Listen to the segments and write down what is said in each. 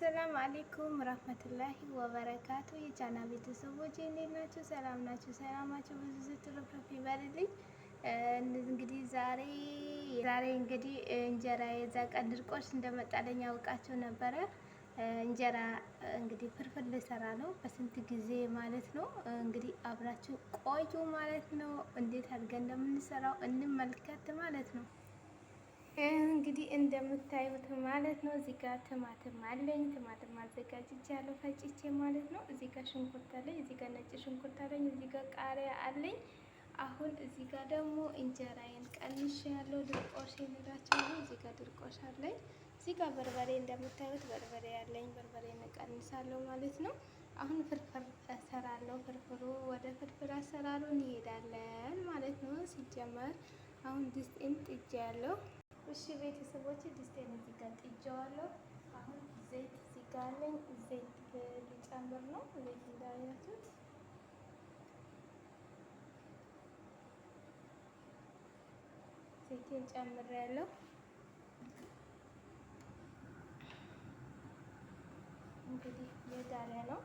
አሰላም አሌይኩም ረህመቱላሂ ወበረካቱ የቻና ቤተሰቦች እንዴት ናችሁ? ሰላም ናቸው ሰላማችሁ ብዙ ስትረፍረፍ ይበልልኝ። እንግዲህ ዛሬ ዛሬ እንግዲህ እንጀራ የዛ ቀን ድርቆሽ እንደመጣለኝ አውቃቸው ነበረ። እንጀራ እንግዲህ ፍርፍር ልሰራ ነው በስንት ጊዜ ማለት ነው። እንግዲህ አብራችሁ ቆዩ ማለት ነው። እንዴት አድርገን እንደምንሰራው እንመልከት ማለት ነው። እንግዲህ እንደምታዩት ማለት ነው። እዚህ ጋር ትማትም አለኝ። ትማትም አዘጋጅቻለሁ ፈጭቼ ማለት ነው። እዚህ ጋር ሽንኩርት አለኝ። እዚህ ጋር ነጭ ሽንኩርት አለኝ። እዚህ ጋር ቃሪያ አለኝ። አሁን እዚህ ጋር ደግሞ እንጀራዬን ቀንሼያለሁ። ድርቆሽ የሚላቸው ነው። እዚህ ጋር ድርቆሽ አለኝ። እዚህ ጋር በርበሬ እንደምታዩት በርበሬ አለኝ። በርበሬ እንቀንሳለሁ ማለት ነው። አሁን ፍርፍር እሰራለሁ። ፍርፍሩ ወደ ፍርፍር አሰራሩ እንሄዳለን ማለት ነው። ሲጀመር አሁን ድስት እንጥጃለሁ። እሺ ቤተሰቦች ድስቴን እዚህ ጋር ጥጄዋለሁ። አሁን ዘይት እዚህ ጋር አለኝ። ዘይት ልጨምር ነው። ዘይት እንዳያችሁት ዘይቴን ጨምሬያለሁ። እንግዲህ የጋለ ነው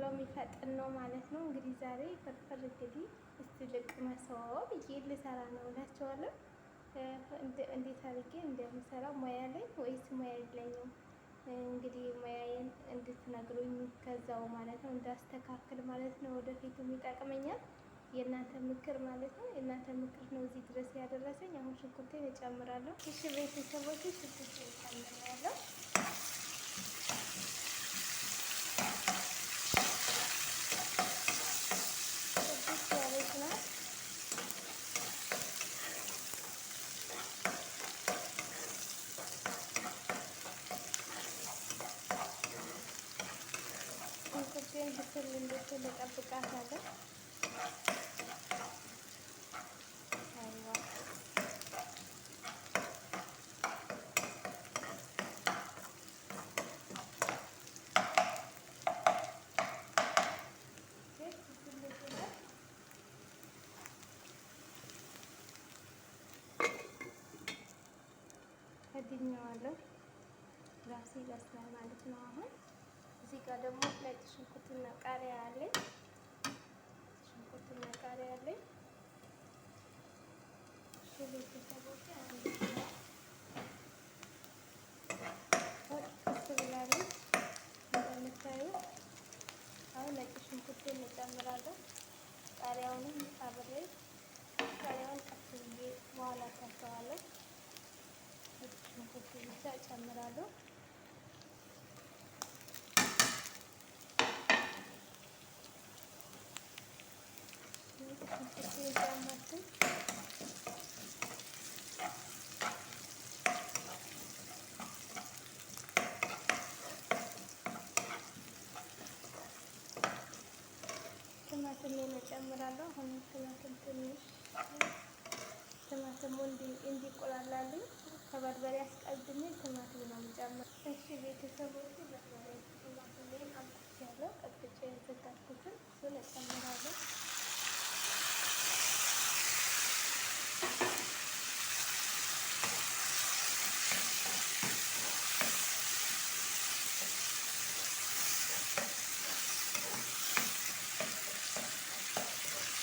ቶሎ የሚፈጥን ነው ማለት ነው። እንግዲህ ዛሬ ፍርፍር እንግዲህ እስቲ ልቅመሰው ይሄ ልሰራ ነው እላቸዋለሁ። እንዴት አድርጌ እንደምሰራ ሙያ ላይ ወይስ ሙያ የለኝም? እንግዲህ ሙያዬን እንድትነግሩኝ ከዛው ማለት ነው እንዳስተካክል ማለት ነው። ወደፊትም ይጠቅመኛል የእናንተ ምክር ማለት ነው። የእናንተ ምክር ነው እዚህ ድረስ ያደረሰኝ። አሁን ሽንኩርቴን እጨምራለሁ። እሺ ቤተሰቦች ሽንኩርቴን እጨምራለሁ። ኢትዮጵያን ብስል እንድትል እጠብቃታለሁ። ከድኜዋለሁ። ራሴ ይበስላል ማለት ነው አሁን እዚህ ጋር ደግሞ ነጭ ሽንኩርትና ቃሪያ አለኝ። ሽንኩርትና ቃሪያ አሁን ነጭ ሽንኩርት እንጨምራለን። ቃሪያውንም አብሬ ቃሪያውን ቀስ ብዬ በኋላ ከፍተዋለሁ። ሽንኩርት ብቻ እጨምራለሁ። ደግሞ እንዲቆላላልኝ ከበርበሬ አስቀድሜ ቲማቲም ነው የምጨምረው። እሺ ቤተሰቦች በርበሬ ቲማቲሜን አምጥቻለሁ። ቀጥቼ የዘጋኩትን እሱን እጨምራለሁ።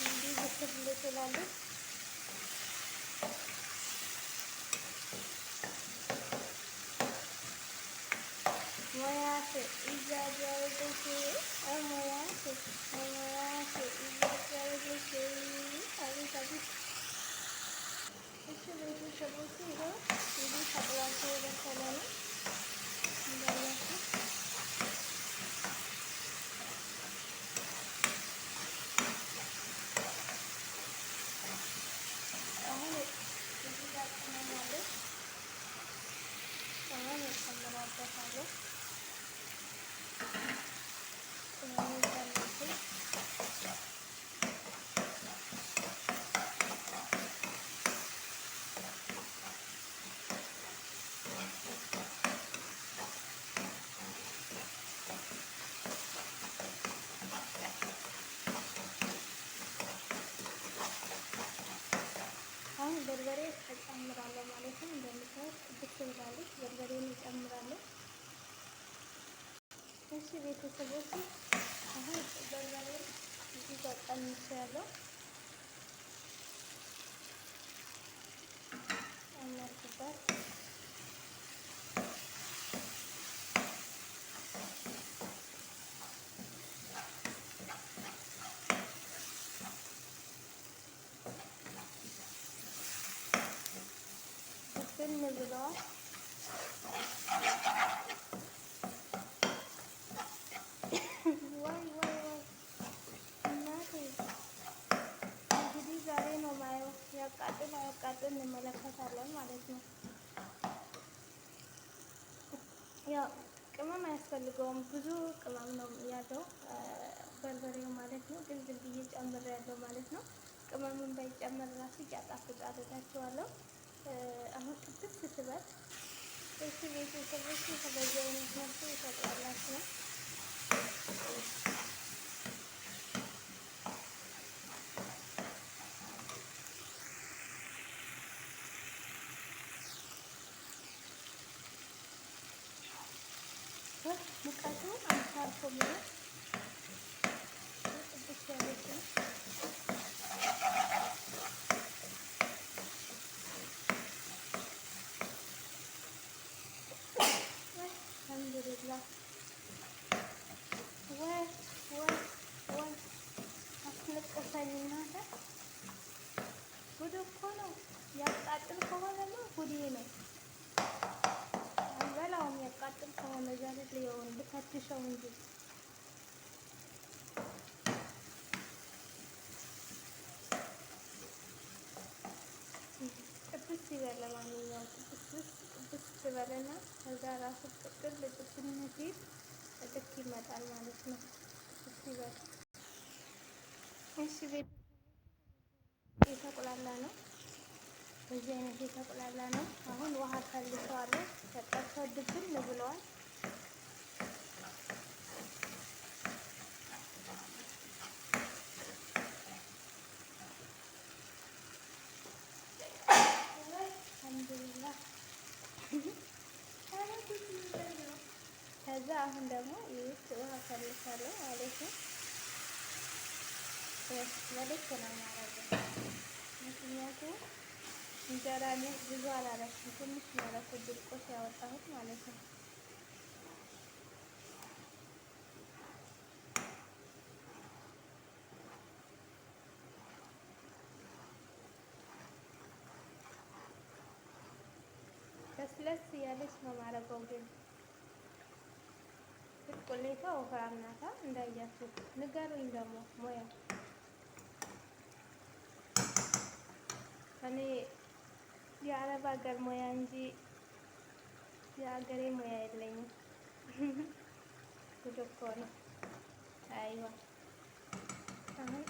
እንዲህ ብስል ልጥላለሁ আছে ইসরায়েল দেশে অমরা আছে অমরা আছে ইসরায়েল দেশে আমি সবই একটু বেশি সবুজ ছিল সবরাম করে ጨምራለሁ። እሺ ቤተሰቦች አሁን በርበሬ እዚህ ጋር ቀንስ ያለው ጨመርኩበት። ብን ብለዋል እንመለከታለን ማለት ነው። ያው ቅመም አያስፈልገውም። ብዙ ቅመም ነው ያለው በርበሬው ማለት ነው። ግን ዝም ብዬ ጨምር ያለው ማለት ነው። ቅመሙን ባይጨምር ራሱ እያጣፍጥ አደርጋቸዋለሁ። አሁን ጥብስ ስበት እሱ ቤተሰቦች የተለየ አይነት መልኩ ይፈጥራላችሁ ነው 어, 거기는? ፈትሸው እንጂ ቅብስ ይበለ ማንኛውም ቅብስ ውስጥ ቅብስ ከዛ ራሱ ጥቅል ጥብስነት ጥቅ ይመጣል ማለት ነው። ቅብስ ይበለ። እሺ ቤት የተቁላላ ነው። በዚህ አይነት የተቁላላ ነው። አሁን ውሃ ከልሰዋለሁ። ተጠርቶ ድብን ብለዋል። ከዛ አሁን ደግሞ ይህ ውሃ ፈልሳለሁ ማለት ነው። ለልክ ነው ማረገ ምክንያቱም እንጀራ ሚያስ ብዙ አላለችም ትንሽ መረኩ ድርቆት ያወጣሁት ማለት ነው። ለስለስ ያለች ነው ማረገው ግን ቁሌቷ ወፍራም ናታ እንዳያችሁ። ንገሩኝ ደግሞ ሙያ እኔ የአረብ ሀገር ሙያ እንጂ የሀገሬ ሙያ የለኝም። ጉድ እኮ ነው። አይዋ አሁን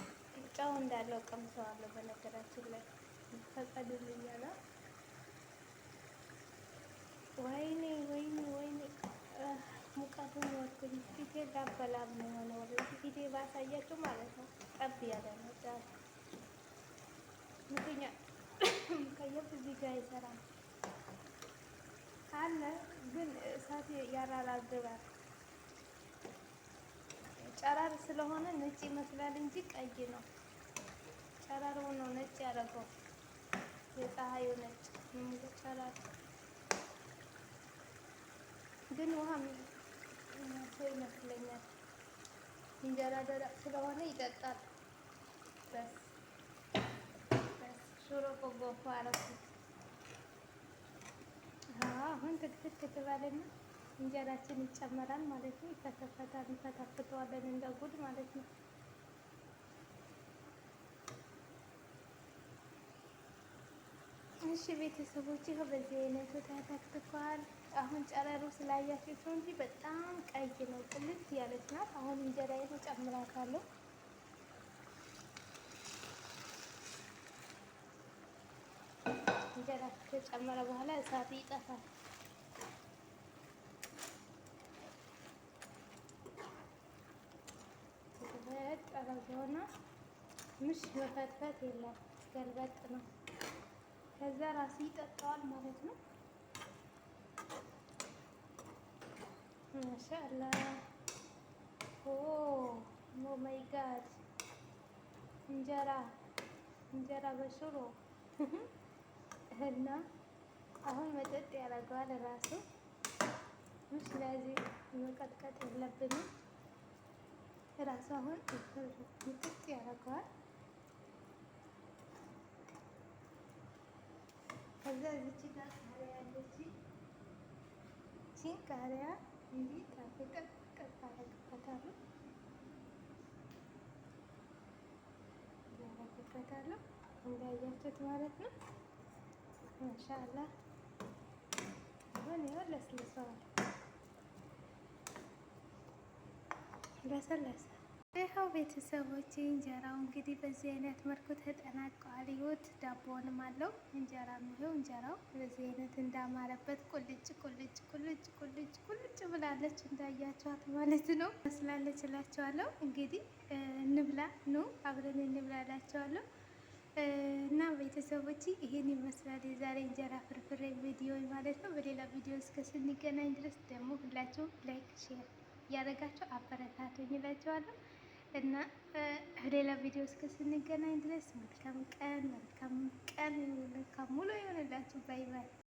ጨው እንዳለው ቀምሰዋለሁ። በነገራችን ላይ ፈቀዱልኝ አለ። ወይኔ ወይኔ ወይኔ ሙቀቱን ወርኩኝ ፊቴ ጋር በላም ነው የሆነ ወላሂ ፊቴ ባሳያችሁ ማለት ነው። ቀብ ያለ ነው ጫት ምክኛ ከየት እዚህ ጋር ይሰራል አለ ግን እሳት ያራራዝባል። ጨራር ስለሆነ ነጭ ይመስላል እንጂ ቀይ ነው። ጨራሩ ነው ነጭ ያደረገው የፀሐዩ ነጭ ጨራር ግን ውሃ ሰው ይመስለኛል። እንጀራ ደረቅ ስለሆነ ይጠጣል። በስ ሽሮ ቆጎፎ አረኩት። አሁን ትክትክ ትባለና እንጀራችን ይጨመራል ማለት ነው። ይፈተፈታል፣ እንፈተፍተዋለን እንደ ጉድ ማለት ነው። እሺ ቤተሰቦች፣ ይኸው በዚህ አይነቱ ተተክተዋል። አሁን ጨረሩ ስላያችሁት እንጂ በጣም ቀይ ነው፣ ጥልት ያለች ናት። አሁን እንጀራ ጨምራታለሁ። እንጀራ ከተጨመረ በኋላ እሳት ይጠፋል። ምሽ መፈትፈት የለም፣ ገልበጥ ነው። ከዛ ራሱ ይጠጣዋል ማለት ነው። Mashallah. Oh, oh my God. Injera. Injera bashuro. እና አሁን መጠጥ ያደርገዋል ራሱ። ስለዚህ መቀጥቀጥ የለብንም። ራሱ አሁን መጠጥ ያደርገዋል። ከዛ እዚች ጋር ቃሪያ ያለች ቃሪያ እንዲህ ጠብቀን ቅጥ አደርግበታለሁ አደርግበታለሁ እንዳያችሁት ማለት ነው። ማሻአላ አሁን ያው ለስልሰዋል ለሰለሰ ይኸው ቤተሰቦች እንጀራው እንግዲህ በዚህ አይነት መልኩ ተጠናቀዋል። ይሁት ዳቦንም አለው እንጀራ ይኸው እንጀራው በዚህ አይነት እንዳማረበት ቁልጭ ቁልጭ ቁልጭ ቁልጭ ቁልጭ ብላለች እንዳያቸዋት ማለት ነው መስላለች እላቸዋለሁ። እንግዲህ እንብላ ኑ አብረን እንብላ እላቸዋለሁ። እና ቤተሰቦች ይሄን ይመስላል የዛሬ እንጀራ ፍርፍሬ ቪዲዮ ማለት ነው። በሌላ ቪዲዮ እስከ ስንገናኝ ድረስ ደግሞ ሁላችሁም ላይክ፣ ሼር እያደረጋችሁ አበረታቱኝ እላቸዋለሁ። እና ሌላ ቪዲዮ እስከ ስንገናኝ ድረስ መልካም ቀን መልካም ቀን መልካም ሙሉ የሆነላችሁ ባይ ባይ።